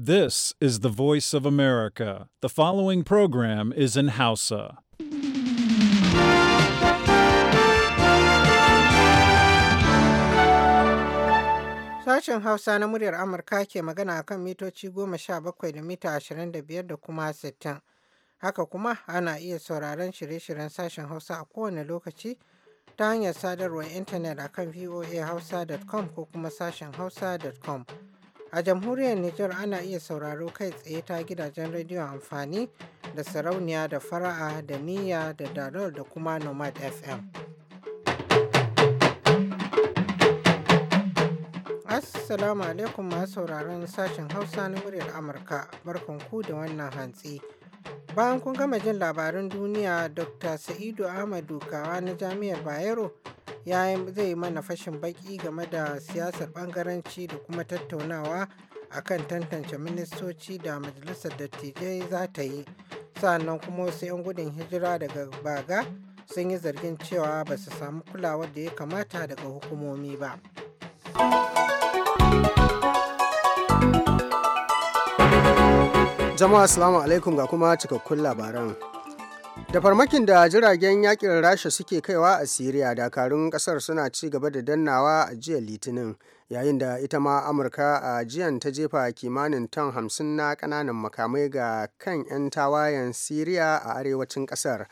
This is the voice of America. The following program is in Hausa. Sashen Hausa na muryar Amurka ke magana kan mitoci goma sha bakwai da mita ashirin da biyar da kuma sittin. Haka kuma ana iya sauraron shirye-shiryen sashen Hausa a kowane lokaci ta hanyar sadarwar intanet akan voahausa.com ko kuma sashen hausa.com. A jamhuriyar Nijar ana iya sauraro kai tsaye ta gidajen rediyon amfani da sarauniya da fara'a da niyya da dalol da kuma nomad FM. Assalamu alaikum masu sauraron sashen Hausa na muryar Amurka. Barkanku da wannan hantsi. Bayan kun gama jin labarin duniya, Dr. Sa'idu Ahmadu Kawa na Jami'ar Bayero ya zai mana fashin baki game da siyasar bangaranci da kuma tattaunawa a kan tantance ministoci da majalisar dattijai za ta yi. Sannan kuma wasu 'yan gudun hijira daga baga sun yi zargin cewa ba su samu kulawar da ya kamata daga hukumomi ba. Jama'a Assalamu alaikum ga kuma cikakkun labaran. Da farmakin da jiragen yakin Rasha suke kaiwa a Siriya dakarun kasar suna ci gaba da dannawa a jiya Litinin yayin da ita ma Amurka a jiyan ta jefa kimanin ton hamsin na kananan makamai ga kan 'yan tawayen Siriya a arewacin kasar.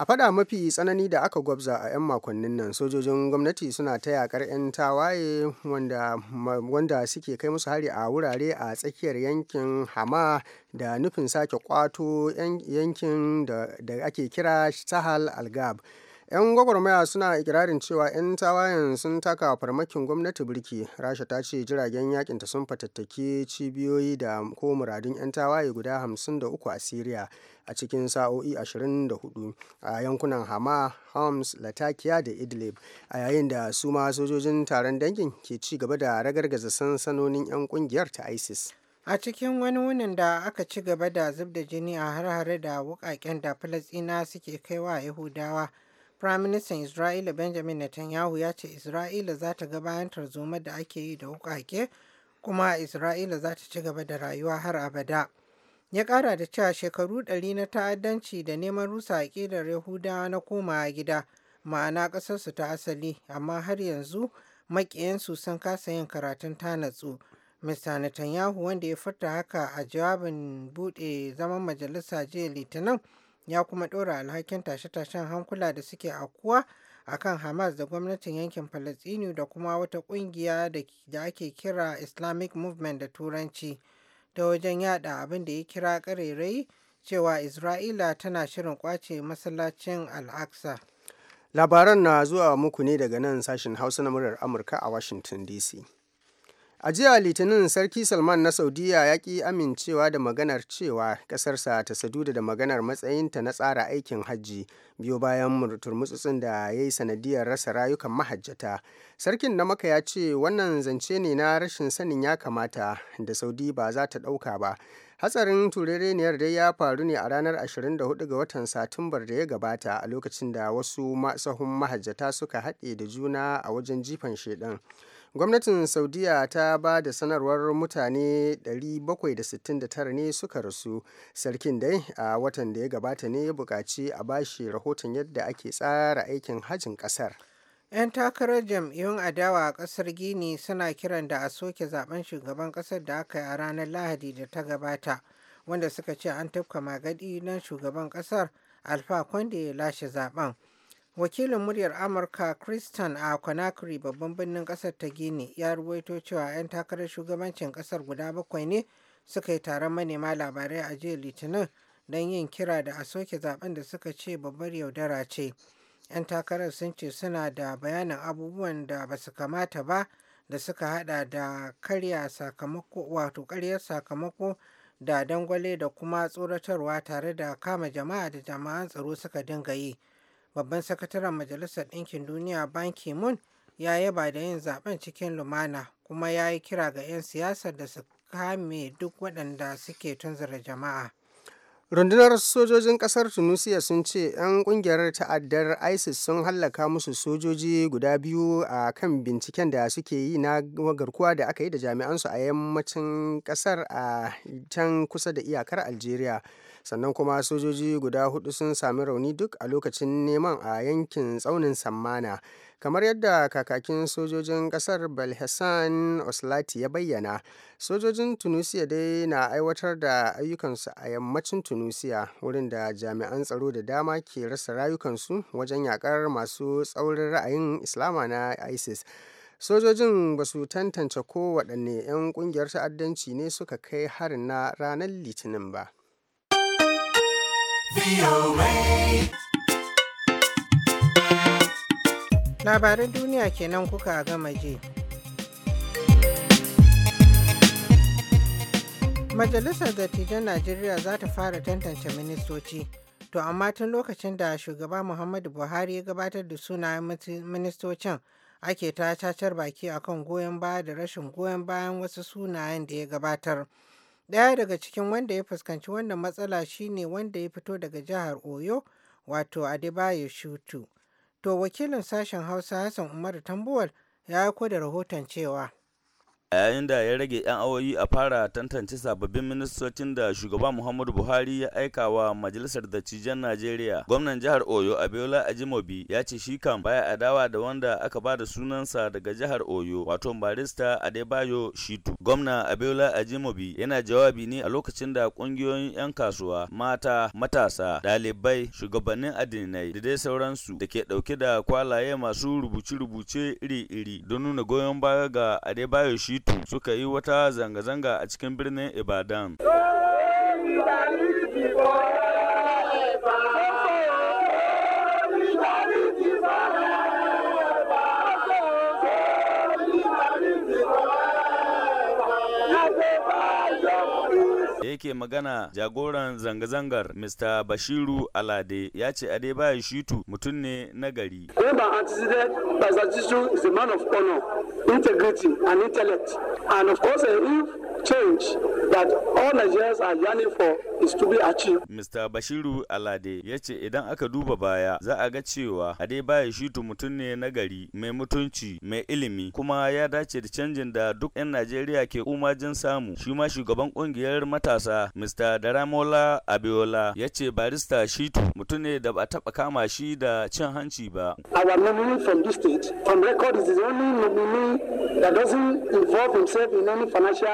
a fada mafi tsanani da aka gwabza a 'yan makonnin nan sojojin gwamnati suna ta yakar 'yan tawaye wanda, suke kai musu hari a wurare a tsakiyar yankin hama da nufin sake kwato yankin da, da ake kira sahal al-gab 'yan gwagwarmaya suna ikirarin cewa 'yan tawayen sun taka farmakin gwamnati birki rasha ta ce jiragen yakinta sun fatattaki cibiyoyi da ko muradun 'yan tawaye guda 53 a syria a cikin sa'o'i 24 a yankunan hama homs latakia da idlib a yayin da su ma sojojin taron dangin ke ci gaba da ragargaza sansanonin 'yan kungiyar ta isis a cikin wani wunin da aka ci gaba da zub da jini a har-hare da wukaken da filistina suke kaiwa yahudawa Firaministan Isra'ila Benjamin Netanyahu ya ce Isra'ila za ta ga bayan tarzoma da ake yi da wukake kuma Isra'ila za ta ci gaba da rayuwa har abada. Ya ƙara da cewa shekaru ɗari na ta'addanci da neman rusa aƙidar Yahudawa na koma gida ma'ana ƙasarsu ta asali amma har yanzu maƙiyansu sun kasa yin karatun tanatsu. natsu. Netanyahu wanda ya furta haka a jawabin buɗe zaman majalisa jiya Litinin ya kuma ɗora alhakin tashe-tashen hankula da suke akuwa a kan hamas da gwamnatin yankin falastinu da kuma wata ƙungiya da ake kira islamic movement da turanci ta wajen yada abin da ya kira ƙarerai cewa isra'ila tana shirin kwace masallacin al labaran na zuwa muku ne daga nan sashen hausa na muryar amurka a washington dc A jiya Litinin Sarki Salman na Saudiya ya ƙi amincewa da maganar cewa ƙasarsa ta saduda da maganar matsayinta na tsara aikin hajji biyo bayan turmutsutsun da ya yi sanadiyar rasa rayukan mahajjata. Sarkin na maka ya ce wannan zance ne na rashin sanin ya kamata da Saudi ba za ta ɗauka ba. hatsarin turereniyar dai ya faru ne a ranar 24 ga watan satumbar da ya gabata a lokacin da wasu sahun mahajjata suka haɗe da juna a wajen jifan shedan gwamnatin saudiya ta ba da sanarwar mutane 769 ne suka rasu sarkin dai a watan da ya gabata ne ya buƙaci a bashi rahoton yadda ake tsara aikin hajin kasar. 'yan takarar jam'iyyun adawa a ƙasar gini suna kiran da a soke zaben shugaban ƙasar da aka yi a ranar lahadi da ta gabata wanda suka ce an tafka magadi na shugaban ƙasar alfa kwande ya lashe zaben wakilin muryar amurka kristen a conakry babban birnin kasar ta gini ya ruwaito cewa 'yan takarar shugabancin kasar guda bakwai ne suka yi taron manema labarai a jiya litinin don yin kira da a soke zaben da suka ce babbar yaudara ce 'yan takarar sun ce suna da bayanin abubuwan da ba su kamata ba da suka hada da karya sakamako wato karyar sakamako da dangwale da kuma tsoratarwa tare da kama jama'a da jama'an tsaro suka dinga yi babban sakataren majalisar ɗinkin duniya ban ki-moon ya yaba da yin zaben cikin lumana kuma ya yi kira ga 'yan siyasar da su kame duk waɗanda suke tunzura jama'a rundunar sojojin kasar tunisia sun ce 'yan kungiyar ta'addar isis sun hallaka musu sojoji guda biyu a kan binciken da suke yi na garkuwa da aka yi da jami'ansu a yammacin kasar a can kusa da iyakar algeria sannan kuma sojoji guda hudu sun sami rauni duk a lokacin neman a yankin tsaunin sammana kamar yadda kakakin sojojin kasar belhassan oslati ya bayyana sojojin tunisia dai na aiwatar da ayyukansu a yammacin tunisia wurin da jami'an tsaro da dama ke rasa rayukansu wajen yakar masu tsaurin ra'ayin islama na isis sojojin ba su tantance ko waɗanne 'yan ƙungiyar ta'addanci ne suka kai harin na ranar litinin ba Labaran duniya kenan kuka gama je. Majalisar Dattijan Najeriya za ta fara tantance ministoci, to amma tun lokacin da shugaba Muhammadu Buhari ya gabatar da sunayen ministocin ake ta cacar baki akan goyon baya da rashin goyon bayan wasu sunayen da ya gabatar. Ɗaya daga cikin wanda ya fuskanci wannan matsala shine wanda ya fito daga jihar Oyo, wato Adebayo Shutu. To wakilin sashen Hausa Hassan Umaru Tambuwal ya aiko da rahoton cewa. a yayin da ya rage 'yan awoyi a fara tantance sababbin ministocin da shugaba muhammadu buhari ya aika wa majalisar dattijan najeriya gwamnan jihar oyo abiola ajimobi ya ce shi kan baya adawa da wanda aka ba da sunansa daga jihar oyo wato barista adebayo shitu gwamna abiola ajimobi yana jawabi ne a lokacin da kungiyoyin 'yan kasuwa mata matasa ɗalibai shugabannin addinai da dai sauransu da ke ɗauke da kwalaye masu rubuce-rubuce iri-iri don nuna goyon baya ga adebayo shitu Bitu suka yi wata zanga-zanga a cikin birnin Ibadan. da yake magana jagoran zanga-zangar Mr. Bashiru Alade ya ce Adebayo Shitu mutum ne na gari. Eba Antiside Basatisu is a man of honor. integrity and intellect. And of course, if change that all Nigerians are yearning for is to be achieved. Mr. Bashiru Alade ya ce idan aka duba baya za a ga cewa Adebayo Shitu mutum ne na gari mai mutunci mai ilimi kuma ya dace da canjin da duk 'yan Najeriya ke umajin samu. Shi ma shugaban kungiyar matasa Mr. Daramola Abiola ya ce barista Shitu mutum ne da ba taba kama shi da cin hanci ba. Our nominee from this state from record is the only nominee that doesn't involve himself in any financial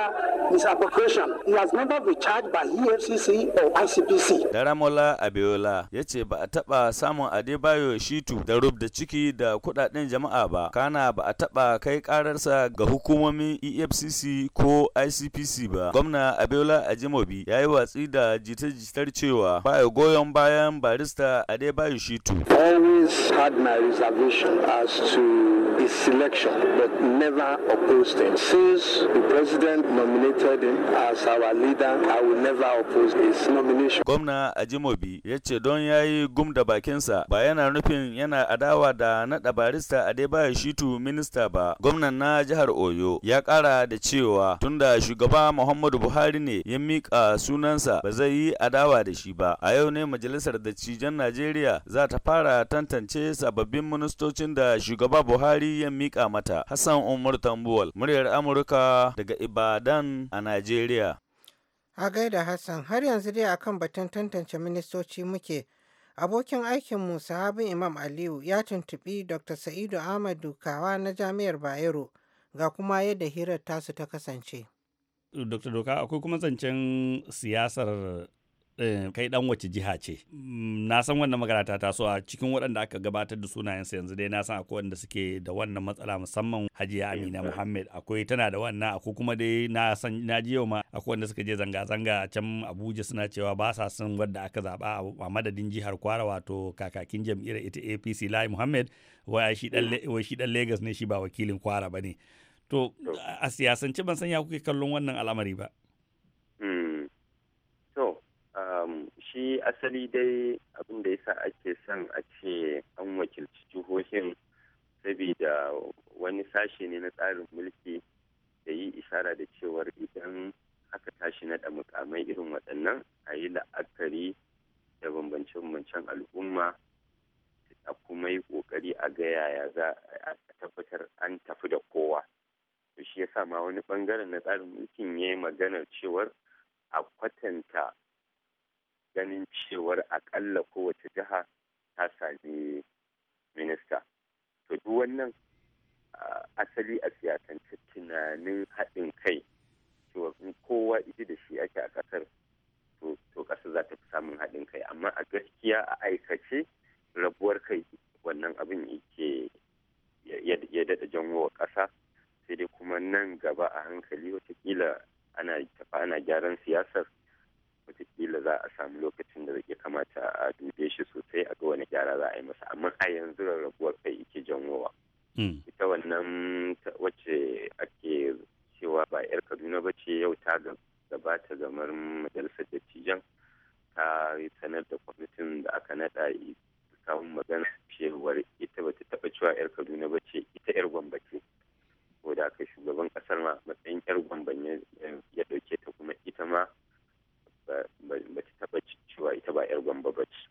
misappropriation. He has never been charged by EFCC or ICPC. Daramola Abiola ya ce ba a taɓa samun Adebayo Shitu da da ciki da kuɗaɗen jama'a ba, kana ba a taɓa kai ƙararsa ga hukumomin EFCC ko ICPC ba. Gwamna Abiola Ajimobi ya yi watsi da jita-jitar cewa ba a goyon bayan barista Adebayo Shitu. Always had my reservation as to his selection, but never opposed him. Since the president nominated him as our leader, I will never oppose his nomination. Gwamna Ajimobi ya ce don ya yi gum da bakinsa ba yana nufin yana adawa da naɗa barista Adebayo Shitu minista ba. Gwamnan na jihar Oyo ya ƙara da cewa tunda shugaba Muhammadu Buhari ne ya miƙa sunansa ba zai yi adawa da shi ba. A yau ne majalisar dattijan Najeriya za ta fara tantance sababbin ministocin da shugaba Buhari Buhari ya mika mata. Hassan Umar Tambuwal, muryar Amurka daga Ibadan a Najeriya. A gaida Hassan, har yanzu dai akan batun tantance ministoci muke. Abokin aikin aikinmu sahabin Imam Aliyu ya tuntuɓi Dr. Sa'idu Ahmad Dukawa na Jami'ar Bayero ga kuma yadda hirar tasu ta kasance. Dr. Doka akwai kuma zancen siyasar Eh, kai dan wace jiha ce mm, na san wannan magana ta taso a cikin waɗanda aka gabatar da sunayensu yanzu dai na san akwai wanda suke da wannan matsala musamman hajiya eh, amina eh. muhammad akwai tana da wannan ko kuma dai na san na ji yau ma akwai wanda suka je zanga-zanga a can abuja suna cewa ba sa son wadda aka zaba a madadin jihar kwara wato kakakin jam'iyyar ita apc lai muhammad wai shi dan lagos ne shi ba wakilin kwara ba ne to a siyasance ban san ya kuke kallon wannan al'amari ba shi asali dai abin da yasa ake son a ce an wakilci jihohin saboda wani sashe ne na tsarin mulki da yi ishara da cewar idan aka tashi naɗa mukamai irin waɗannan a yi la'akari da bambance-bambancen al'umma a kuma yi ƙoƙari a ga yaya za a tabbatar an tafi da kowa to shi sa ma wani ɓangaren na tsarin mulkin ya yi maganar cewar a kwatanta ganin cewar akalla kowace jiha ta sami minista to duk wannan asali a siyasance tunanin haɗin kai cewa kowa ita da shi ake a ƙasar to ƙasa za ta fi samun haɗin kai amma a gaskiya a aikace rabuwar kai wannan abin yake ya daɗa janwo wa ƙasa sai dai kuma nan gaba a hankali watakila ana gyaran siyasar watakila za a samu lokacin da zai kamata a dube shi sosai a ga wani gyara za a yi masa amma a yanzu rarrabuwar kai ike janwowa hmm. ita wannan wacce ake cewa ba yar kaduna ba ce yau ta gabata gamar majalisar dattijan ta sanar da kwamitin da aka naɗa samun magana cewar ita ta taba cewa yar kaduna ba ce ita yar gwamba ko da aka shugaban kasar ma matsayin yar gwamban eh, ya dauke ta kuma ita ma ba ta taba cewa ita ba 'yar gwamba ba ce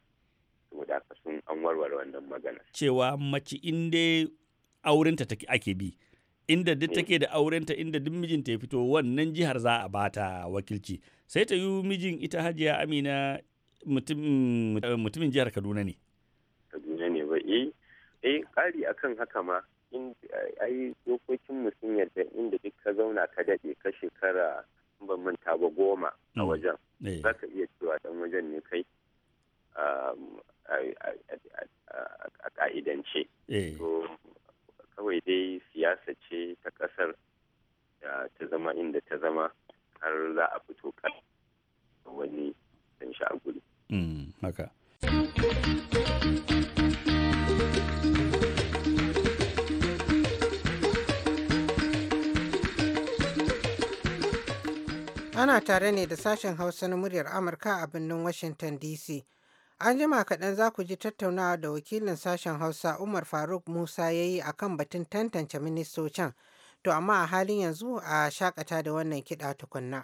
saboda haka sun an warware wannan magana cewa mace in dai aurenta take ake bi inda duk eh. take da aurenta inda duk mijinta ya fito wannan jihar za a bata wakilci sai ta yi mijin ita hajiya amina mm, mutumin jihar kaduna ne kaduna ne ba eh eh a akan haka ma in ai dokokin mutum yadda inda duk ka zauna ka daɗe ka shekara ban manta ba goma a wajen eh. za ka iya cewa dan wajen ne kai um, a ka'idance eh. kawai dai siyasa ce ta kasar ta zama inda ta zama har za a fito kan wani dan sha'aguli mm, haka Ana tare ne da sashen Hausa na muryar Amurka a birnin Washington DC. An jima kaɗan za ku ji tattaunawa da wakilin sashen Hausa Umar Faruk Musa ya yi a kan batun tantance ministocin. To amma a halin yanzu a shakata da wannan kiɗa tukunna.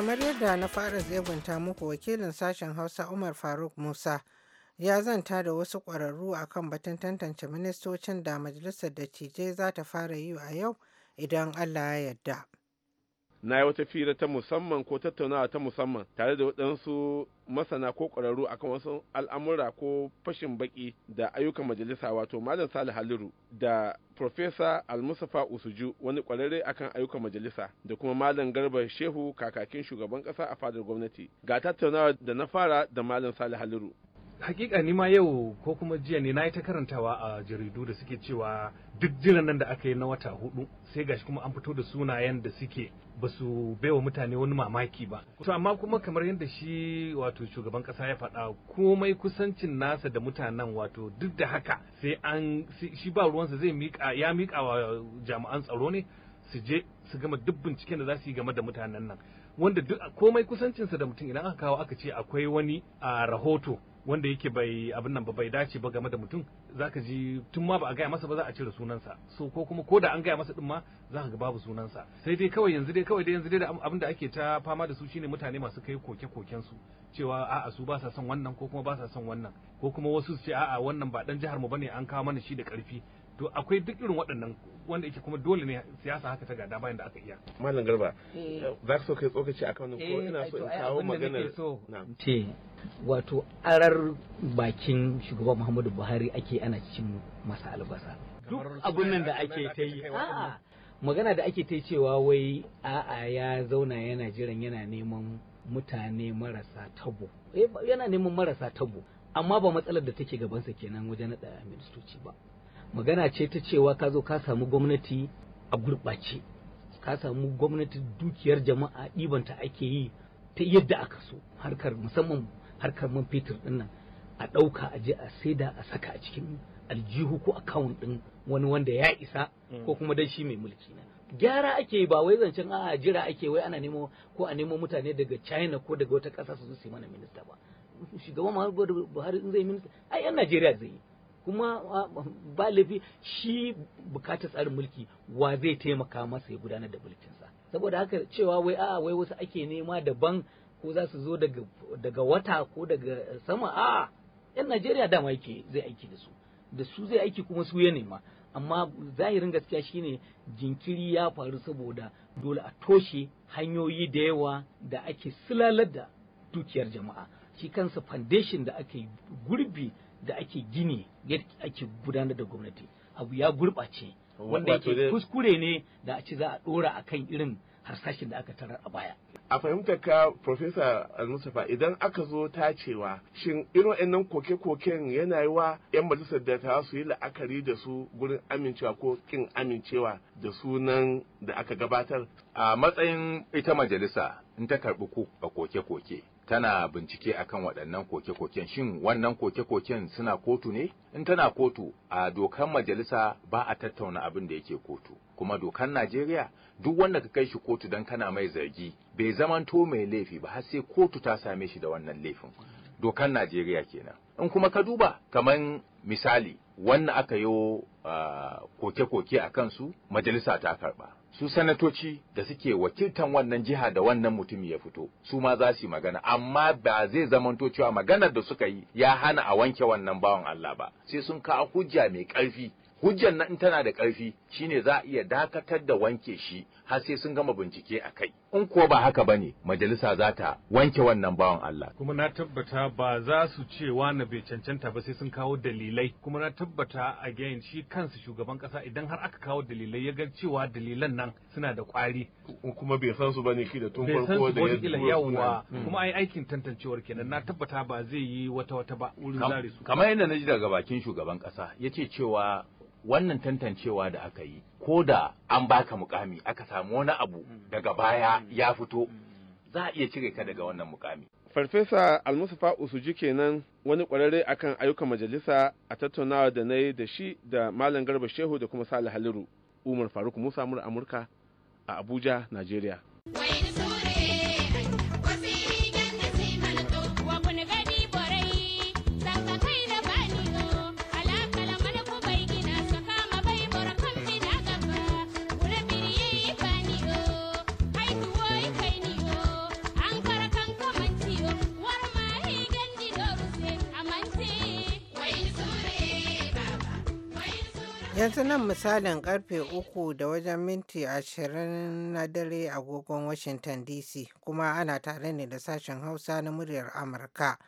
kamar yadda na fara zebanta muku wakilin sashen Hausa Umar Faruk Musa ya zanta da wasu ƙwararru kan batun tantance ministocin da majalisar dattijai za ta fara yi a yau idan Allah ya yarda. na yi wata fira ta musamman ko tattaunawa ta musamman tare da waɗansu masana ko ƙwararru akan wasu al'amura ko fashin baƙi da ayyukan majalisa wato malam salih haliru da profesa almusafa usuju wani ƙwararre akan ayyukan majalisa da kuma malam garba shehu kakakin shugaban ƙasa a fadar gwamnati ga tattaunawa da na fara da malam salih haliru hakika ni ma yau ko kuma jiya ne na yi ta karantawa a jaridu da suke cewa duk jiran nan da aka yi na wata hudu sai gashi kuma an fito da sunayen da suke ba su baiwa mutane wani mamaki ba to amma kuma kamar yadda shi wato shugaban kasa ya faɗa komai kusancin nasa da mutanen wato duk da haka sai an shi ba ruwansa zai mika ya mika wa jami'an tsaro ne su je su gama duk binciken da za su yi game da mutanen nan wanda duk komai kusancinsa da mutum idan aka kawo aka ce akwai wani a rahoto wanda yake bai abin nan ba bai dace ba game da mutum zaka ji tun ma ba a gaya masa ba za a cire sunansa so ko kuma ko da an gaya masa din ma za ga babu sunansa sai dai kawai yanzu dai kawai dai yanzu dai abin da ake ta fama da su shine mutane masu kai koke koken su cewa a su ba sa son wannan ko kuma ba sa son wannan ko kuma wasu su ce a wannan ba dan jihar mu bane an kawo mana shi da karfi to akwai duk irin waɗannan wanda yake kuma dole ne siyasa haka ta gada bayan da aka iya malam garba eh. za ka so kai tsokaci a wannan ko eh, ina so in kawo maganar ce wato arar bakin shugaban Muhammadu Buhari ake ana cin masa albasa duk abun nan da ake ta yi magana da ake ta cewa wai a'a ya zauna yana jiran yana neman mutane marasa tabo eh, yana neman marasa tabo amma ba matsalar da take gabansa kenan wajen naɗa ministoci ba magana ce ta cewa ka zo ka samu gwamnati a gurɓace ka samu gwamnati dukiyar jama'a ɗibanta ake yi ta yadda aka so harkar musamman harkar man fetur ɗin nan a ɗauka a je a saida a saka a cikin aljihu ko akawun ɗin wani wanda ya isa hmm. ko kuma dan shi mai mulki na gyara ake ba wai zancen a jira ake wai ana nemo ko a nemo mutane daga China ko daga wata ƙasa su su mana minista ba shugaban mahaifar Buhari in zai minista ai yan Najeriya zai yi kuma ba laifi shi bukatar tsarin mulki wa zai taimaka masa ya gudanar da mulkinsa saboda haka cewa wai a wai wasu ake nema daban ko za su zo daga wata ko daga sama a yan najeriya dama yake zai aiki da su da su zai aiki kuma su ya nema amma zahirin gaskiya shine jinkiri ya faru saboda dole a toshe hanyoyi da yawa da ake silalar da dukiyar jama'a shi kansa foundation da ake gurbi da ake gini yadda ake gudanar da gwamnati abu ya gurɓace oh, wanda yake kuskure ne da a ci za a ɗora a kan irin harsashin da aka tarar a baya. A fahimtar ka Profesa Al-Mustapha idan aka zo ta cewa shin irin nan koke-koken yana yi wa 'yan majalisar da ta su yi la'akari da su gurin amincewa ko kin amincewa da sunan da aka gabatar? A matsayin ita majalisa in ta karɓi a koke-koke tana bincike akan waɗannan koke-koken shin wannan koke-koken suna kotu ne in tana kotu a dokan majalisa ba a tattauna abin da yake kotu kuma dokan Najeriya duk wanda ka kai shi kotu dan kana mai zargi bai zamanto mai laifi ba har sai kotu ta same shi da wannan laifin dokan Najeriya kenan in kuma ka duba kaman misali wannan aka yi uh, ah, koke-koke a su majalisa ta karba su sanatoci da suke wakiltan wannan jiha da wannan mutumi ya fito su ma za su yi magana amma ba zai zamanto cewa maganar da suka yi ya hana a wanke wannan bawan Allah ba sai sun kawo hujja mai ƙarfi hujjan nan tana da ƙarfi shine za a iya dakatar da wanke shi har sai sun gama bincike a kai in kuwa ba haka bane majalisa za ta wanke wannan bawan Allah kuma na tabbata ba za su ce wani bai cancanta ba sai sun kawo dalilai kuma na tabbata a gain shi kansa shugaban kasa idan har aka kawo dalilai ya ga cewa dalilan nan suna da kwari kuma bai san su bane ki da tun farko da ya yawa kuma ai aikin tantancewar kenan na tabbata ba zai yi wata wata ba wurin zare su kamar yadda na ji daga bakin shugaban kasa yace cewa wannan tantancewa da aka yi ko da an baka mukami aka samu wani abu mm. daga baya mm. ya fito mm. za a iya cire ka daga wannan mukami farfesa almusufa usuji kenan wani kwararre akan ayyukan majalisa a tattaunawa da na yi da shi da malam garba shehu da kuma salih haliru umar faruk musa mura amurka a abuja najeriya yanzu nan misalin karfe uku da wajen minti ashirin na dare agogon Washington DC kuma ana tare ne da sashen Hausa na muryar Amurka.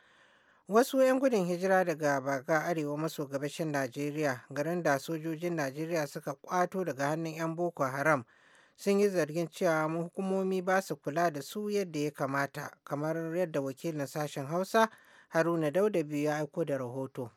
Wasu 'yan gudun hijira daga baka arewa maso gabashin Najeriya garin da sojojin Najeriya suka kwato daga hannun 'yan Boko Haram sun yi zargin cewa hukumomi ba su kula da su yadda ya kamata kamar yadda wakilin sashen Hausa Haruna Dauda Daudabi ya aiko da rahoto.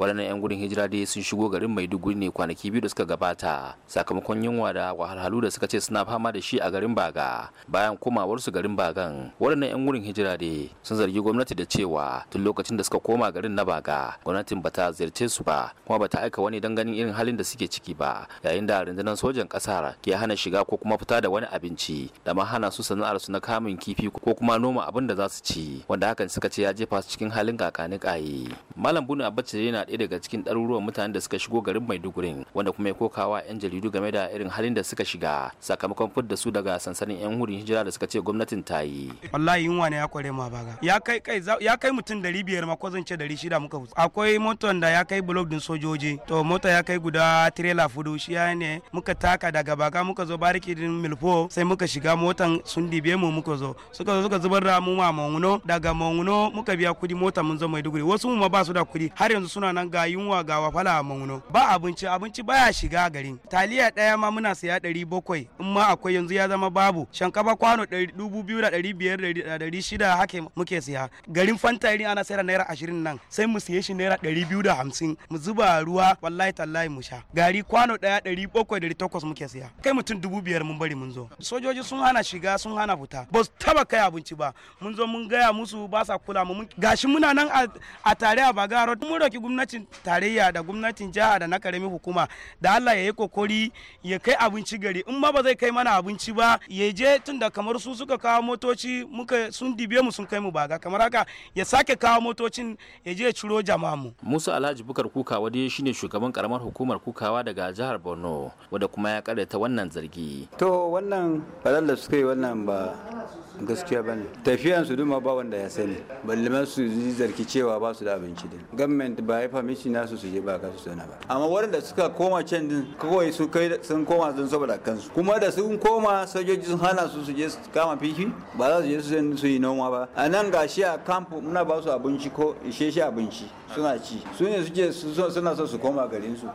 waɗannan 'yan gudun hijira dai sun shigo garin maiduguri ne kwanaki biyu da suka gabata sakamakon yunwa da wahalhalu da suka ce suna fama da shi a garin baga bayan komawarsu garin bagan waɗannan 'yan gudun hijira dai sun zargi gwamnati da cewa tun lokacin da suka koma garin na baga gwamnatin ba ta ziyarce su ba kuma ba ta aika wani don ganin irin halin da suke ciki ba yayin da rundunar sojan ƙasar ke hana shiga ko kuma fita da wani abinci da ma hana su sana'ar su na kamun kifi ko kuma noma abin da za su ci wanda hakan suka ce ya jefa su cikin halin kakani kaye malam bunu abacce yana ɗaya daga cikin ɗaruruwan mutanen da suka shigo garin Maiduguri wanda kuma ya kokawa 'yan jaridu game da irin halin da suka shiga sakamakon da su daga sansanin 'yan hurin hijira da suka ce gwamnatin ta yi. Wallahi yunwa ne ya kware ma baga. Ya kai kai ya kai mutum dari biyar ma ko zan ce dari shida muka hutu. Akwai motan da ya kai blok din sojoji. To mota ya kai guda tirela fudu shi ya ne muka taka daga baga muka zo bariki din milfo sai muka shiga motan sun dibe mu muka zo. Suka zo suka zubar da mu ma manguno daga manguno muka biya kudi mota mun zo Maiduguri. Wasu mu ma ba su da kudi har yanzu suna nan ga yunwa ga wafala a mauno ba abinci abinci baya shiga garin taliya ɗaya ma muna saya ɗari bakwai in ma akwai yanzu ya zama babu shankafa kwano dubu biyu da ɗari biyar da ɗari shida hake muke siya garin fanta irin ana sayar naira ashirin nan sai mu siye shi naira ɗari biyu da hamsin mu zuba ruwa wallahi tallahi mu sha gari kwano ɗaya ɗari bakwai ɗari takwas muke siya kai mutum dubu biyar mun bari mun zo sojoji sun hana shiga sun hana fita ba su taba kai abinci ba mun zo mun gaya musu ba sa kula mu gashi muna nan a tare a bagaro mun roki gwamnati gwamnatin tarayya da gwamnatin jiha da na karamin hukuma da Allah ya yi kokori ya kai abinci gari in ma ba zai kai mana abinci ba ya je tun da kamar su suka kawo motoci muka sun dibe mu sun kai mu baga kamar haka ya sake kawo motocin ya je ciro jama'a mu Musa Alhaji Bukar Kukawa dai shine shugaban karamar hukumar Kukawa daga jihar Borno wanda kuma ya karyata wannan zargi to wannan bazan da suka yi wannan ba gaskiya ba ne tafiyan su duma ba wanda ya sani balliman su yi zarki cewa ba su da abinci din government ba ya famishi nasu su je ba kasu su sana ba amma waɗanda suka koma can din kawai su kai sun koma sun saboda kansu kuma da sun koma sojoji sun hana su su je su kama fifi ba za su je su yi noma ba a nan gashi a kamfu muna ba su abinci ko isheshe abinci suna ci su ne suke suna so su koma garin su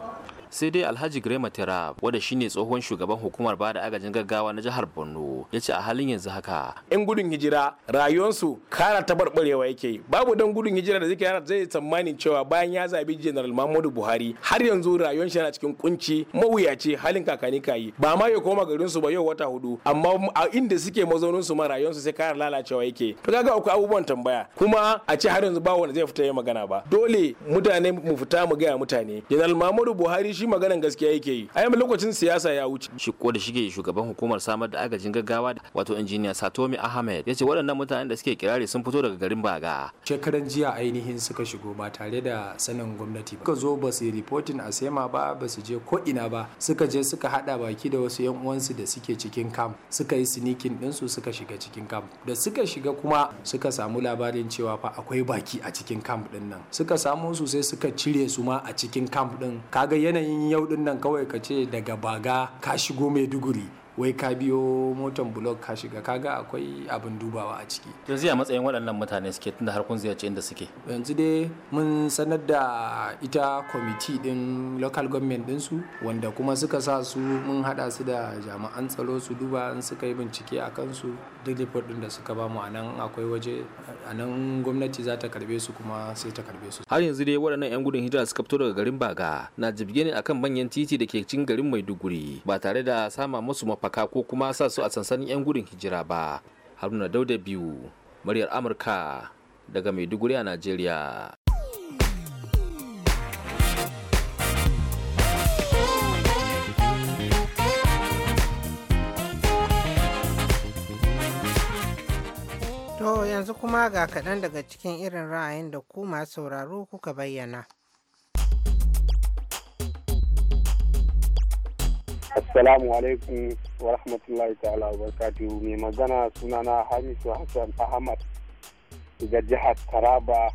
sai dai alhaji grema terab wanda shine tsohon shugaban hukumar ba da agajin gaggawa na jihar borno ya ce a halin yanzu haka yan gudun hijira rayuwarsu kara ta barbarewa yake babu dan gudun hijira da zai zai tsammanin cewa bayan ya zabi general muhammadu buhari har yanzu rayuwar shi yana cikin kunci mawuyaci halin kakani kayi ba ma ya koma garin su ba yau wata hudu amma a inda suke mazaunin su ma rayuwar su sai kara lalacewa yake to kaga akwai abubuwan tambaya kuma a ce har yanzu ba wanda zai fita ya magana ba dole mutane mu fita mu gaya mutane general muhammadu buhari shi maganan gaskiya yake yi a lokacin siyasa ya wuce shi ko da shige shugaban hukumar samar da agajin gaggawa da wato injiniya Satomi Ahmed ce waɗannan mutanen da suke kirari sun fito daga garin Baga shekaran jiya ainihin suka shigo ba tare da sanin gwamnati ba suka zo ba su reporting a sema ba ba su je ko ina ba suka je suka hada baki da wasu yan uwansu da suke cikin kam suka yi sinikin ɗinsu suka shiga cikin kam da suka shiga kuma suka samu labarin cewa fa akwai baki a cikin kam ɗin nan suka samu su sai suka cire su ma a cikin kam ɗin kaga yanayin yanayin yau din nan kawai ka ce daga baga ka shigo maiduguri wai ka biyo motan blog ka shiga kaga akwai abin dubawa a ciki yanzu a matsayin waɗannan mutane suke tunda har kun ziyarci inda suke yanzu dai mun sanar da ita kwamiti din local government din su wanda kuma suka sa su mun hada su da jami'an tsaro su duba in suka yi bincike a kan su duk report din da suka ba mu anan akwai waje anan gwamnati za ta karbe su kuma sai ta karbe su har yanzu dai waɗannan 'yan gudun hijira suka fito daga garin baga na jibge ne akan manyan titi da ke cin garin maiduguri ba tare da sama musu mafa mafaka ko kuma sa su a sansanin 'yan gudun hijira ba haruna dauda biyu muryar amurka daga maiduguri a najeriya To yanzu kuma ga kaɗan daga cikin irin ra'ayin da ku masu sauraro kuka bayyana. Assalamu alaikum wa rahmatullahi ta'ala wa barakatuhu mai magana sunana Hamisu Hassan Ahmad daga jihar Taraba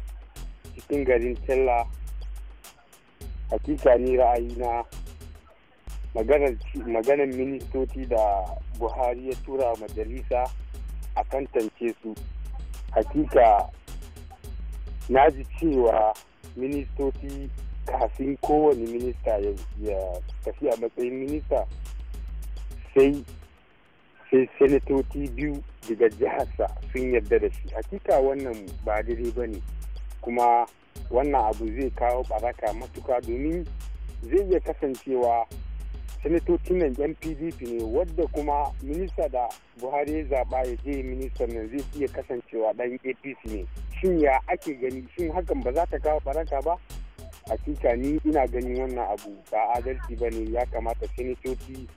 cikin garin Tella hakika ni ra'ayina maganar ministoci da Buhari ya tura majalisa a tance su hakika na ji cewa ministoci kafin kowane minista ya tafi a matsayin minista sai sai senatoci biyu daga jiharsa sun yarda da shi hakika wannan ba daidai ba ne kuma wannan abu zai kawo baraka matuka domin zai iya kasancewa senatocin nan yan pdp ne wadda kuma minista da buhari ya zaɓa ya je ministan nan zai iya kasancewa ɗan apc ne shin ya ake gani shin hakan ba za ta kawo baraka ba hakika ni ina ganin wannan abu ba adalci ba ne ya kamata sinitoci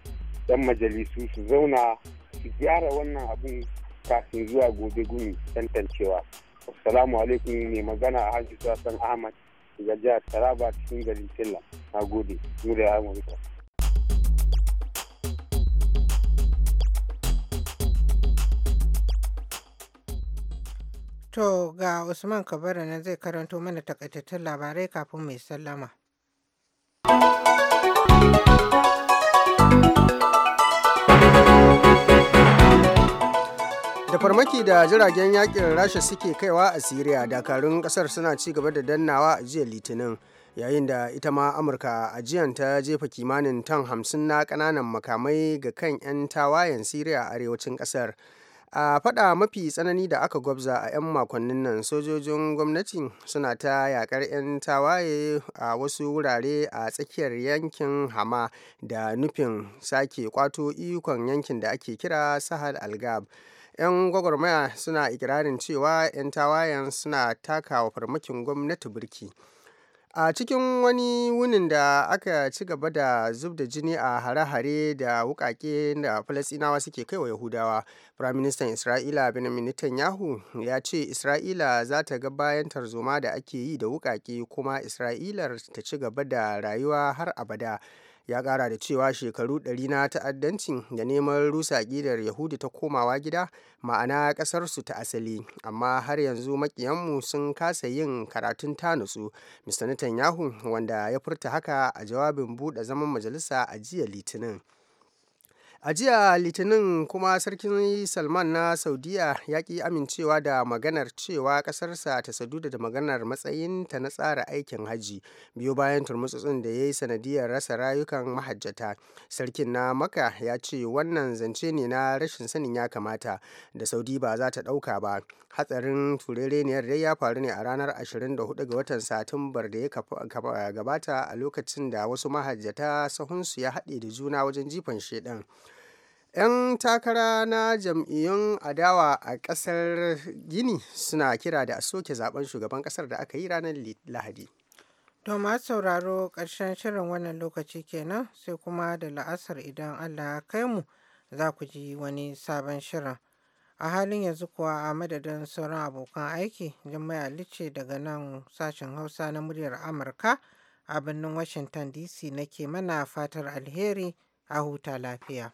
dan majalisu su zauna su gyara wannan abun kafin zuwa gobe gumi tantancewa assalamu alaikum ne magana a hajji sassan ahmad daga jihar taraba cikin garin tilla na gode mu da ya To ga Usman Kabara nan zai karanto mana takaitattun labarai kafin mai sallama. da farmaki da jiragen yakin rasha suke kaiwa a siriya dakarun kasar suna ci gaba da dannawa a jiya litinin yayin da ita ma amurka ajiyan ta jefa kimanin tan hamsin na kananan makamai ga kan 'yan tawayen siriya a arewacin kasar a faɗa mafi tsanani da aka gwabza a 'yan makonnin nan sojojin gwamnati suna ta yakar 'yan tawaye a wasu wurare a tsakiyar yankin hama da nufin sake kwato ikon yankin da ake kira sahad algab 'yan gwagwarmaya suna ikirarin cewa 'yan tawayen suna takawa farmakin gwamnati birki. A cikin wani wunin da aka ci gaba da zub da jini a hare-hare da wukake da falasinawa suke kai wa Yahudawa, Firaministan Isra'ila Benjamin Netanyahu ya ce Isra'ila za ta ga bayan tarzoma da ake yi da wukake kuma Isra'ilar ta ci gaba da rayuwa har abada. ya kara da cewa shekaru ɗari na ta'addanci da neman rusa ƙidar yahudi ta komawa gida ma'ana ƙasarsu ta asali amma har yanzu makiyanmu sun kasa yin karatun nutsu mr netanyahu wanda ya furta haka a jawabin buɗe zaman majalisa a jiya litinin A jiya Litinin kuma Sarkin Salman na Saudiyya ya ƙi amincewa da maganar cewa ƙasarsa ta saduda da maganar matsayinta na tsara aikin hajji biyu bayan turmutsutsun da ya yi sanadiyar rasa rayukan mahajjata. Sarkin na Maka ya ce wannan zance ne na rashin sanin ya kamata da Saudi ba za ta ɗauka ba. Hatsarin turereniyar dai ya faru ne a ranar 24 ga watan Satumbar da ya gabata a lokacin da wasu mahajjata sahunsu ya haɗe da juna wajen jifan shedan. 'yan takara na jam'iyyun adawa a kasar gini suna kira da a soke zaben shugaban kasar da aka yi ranar lahadi to masu sauraro ƙarshen shirin wannan lokaci kenan sai kuma da la'asar idan allah kai mu za ku ji wani sabon shirin a halin yanzu kuwa a madadin sauran abokan aiki jami'a alice daga nan sashen hausa na muryar amurka a birnin washington dc nake mana fatar alheri a huta lafiya